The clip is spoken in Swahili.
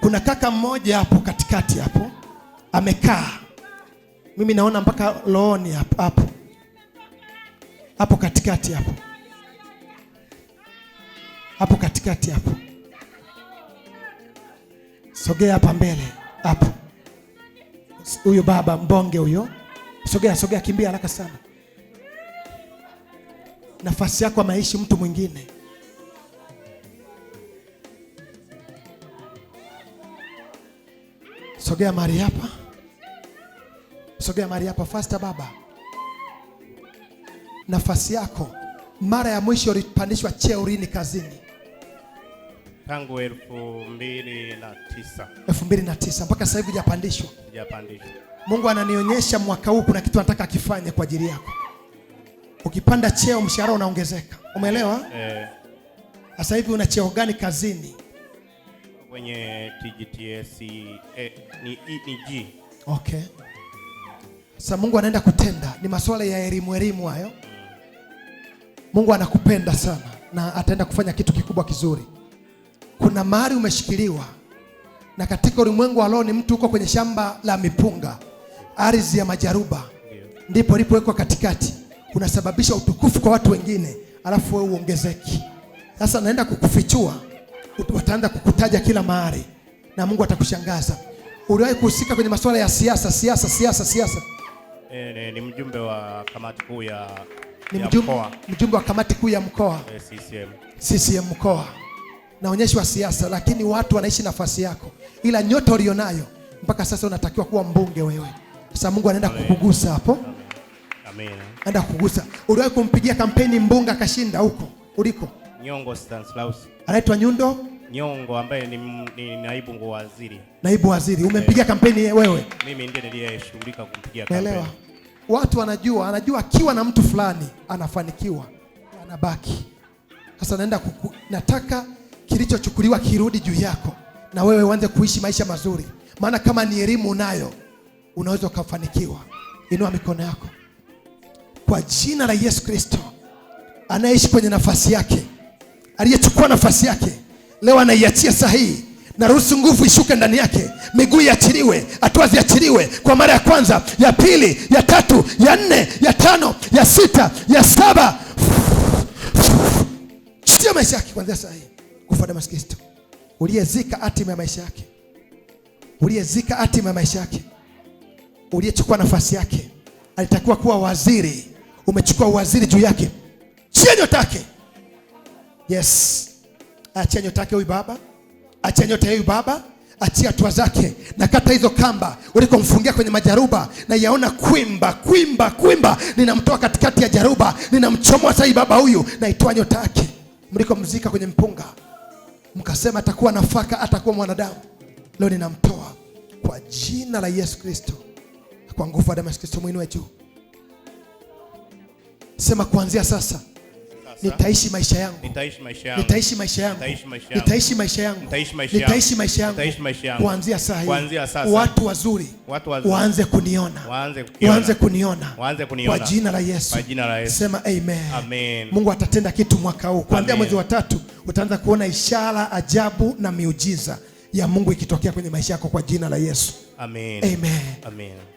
Kuna kaka mmoja hapo katikati hapo amekaa, mimi naona mpaka looni hapo hapo hapo katikati hapo hapo katikati hapo, sogea hapa mbele hapo. Huyo baba mbonge huyo, sogea sogea, kimbia haraka sana. Nafasi yako maishi mtu mwingine. Sogea mari hapa, sogea mali hapa fasta. Baba, nafasi yako. Mara ya mwisho ulipandishwa cheo lini kazini? Tangu elfu mbili na tisa. Elfu mbili na tisa mpaka sasa hivi hujapandishwa? Hujapandishwa. Mungu ananionyesha mwaka huu kuna kitu anataka akifanye kwa ajili yako. Ukipanda cheo mshahara unaongezeka, umeelewa? Eh. Sasa hivi una cheo gani kazini? kwenye TGTS eh, ni, ni G. Okay. Sasa Mungu anaenda kutenda, ni masuala ya elimu elimu hayo. Mungu anakupenda sana na ataenda kufanya kitu kikubwa kizuri. Kuna mahali umeshikiliwa, na katika ulimwengu wa roho ni mtu uko kwenye shamba la mipunga, ardhi ya majaruba, ndipo ulipowekwa katikati, unasababisha utukufu kwa watu wengine, alafu wewe uongezeki. Sasa naenda kukufichua wataanza kukutaja kila mahali na Mungu atakushangaza. Uliwahi kuhusika kwenye masuala ya siasa? Siasa, siasa, siasa. E, ni, ni mjumbe wa kamati kuu ya, ni ya mkoa. Mjumbe wa kamati kuu ya mkoa e, eh, CCM. CCM mkoa naonyeshwa siasa, lakini watu wanaishi nafasi yako, ila nyota ulionayo mpaka sasa unatakiwa kuwa mbunge wewe. Sasa Mungu anaenda kukugusa hapo. Amen. Anaenda kukugusa. Uliwahi kumpigia kampeni mbunge akashinda huko uliko? Nyongo Stanislaus. Anaitwa Nyundo Nyongo ambaye ni, ni naibu waziri. Naibu waziri umempigia eh. kampeni wewe? Mimi ndiye niliyeshughulika kumpigia kampeni. Naelewa. Watu wanajua, anajua akiwa na mtu fulani anafanikiwa, anabaki. Sasa naenda kuku, nataka kilichochukuliwa kirudi juu yako na wewe uanze kuishi maisha mazuri, maana kama ni elimu unayo unaweza ukafanikiwa. Inua mikono yako kwa jina la Yesu Kristo, anayeishi kwenye nafasi yake, aliyechukua nafasi yake leo anaiachia sahihi na ruhusu nguvu ishuke ndani yake, miguu iachiliwe, hatua ziachiliwe kwa mara ya kwanza, ya pili, ya tatu, ya nne, ya tano, ya sita, ya saba. Sio maisha yake kuanzia saa hii. Kufuata Kristo, uliyezika hatima ya maisha yake, uliyezika hatima ya maisha yake, uliyechukua nafasi yake, alitakiwa kuwa waziri, umechukua waziri juu yake, chenyo take. Yes. Achia nyota yake huyu baba, achia nyota huyu baba, achia hatua zake na kata hizo kamba ulikomfungia kwenye majaruba, na yaona kwimba kwimba kwimba, ninamtoa katikati ya jaruba, ninamchomoa sasa baba huyu, naitoa nyota yake mlikomzika kwenye mpunga, mkasema atakuwa nafaka, atakuwa mwanadamu. Leo ninamtoa kwa jina la Yesu Kristo, kwa nguvu ya damu ya Yesu Kristo, mwinue juu. Sema kuanzia sasa nitaishi maisha yangu, nitaishi maisha yangu, nitaishi maisha yangu, nitaishi maisha yangu, nitaishi maisha yangu. Kuanzia sasa hivi watu wazuri waanze kuniona, waanze kuniona kwa jina la Yesu. Sema amen. Mungu atatenda kitu mwaka huu, kuanzia mwezi wa tatu utaanza kuona ishara, ajabu na miujiza ya Mungu ikitokea kwenye maisha yako kwa jina la Yesu. Amen. Amen. Amen.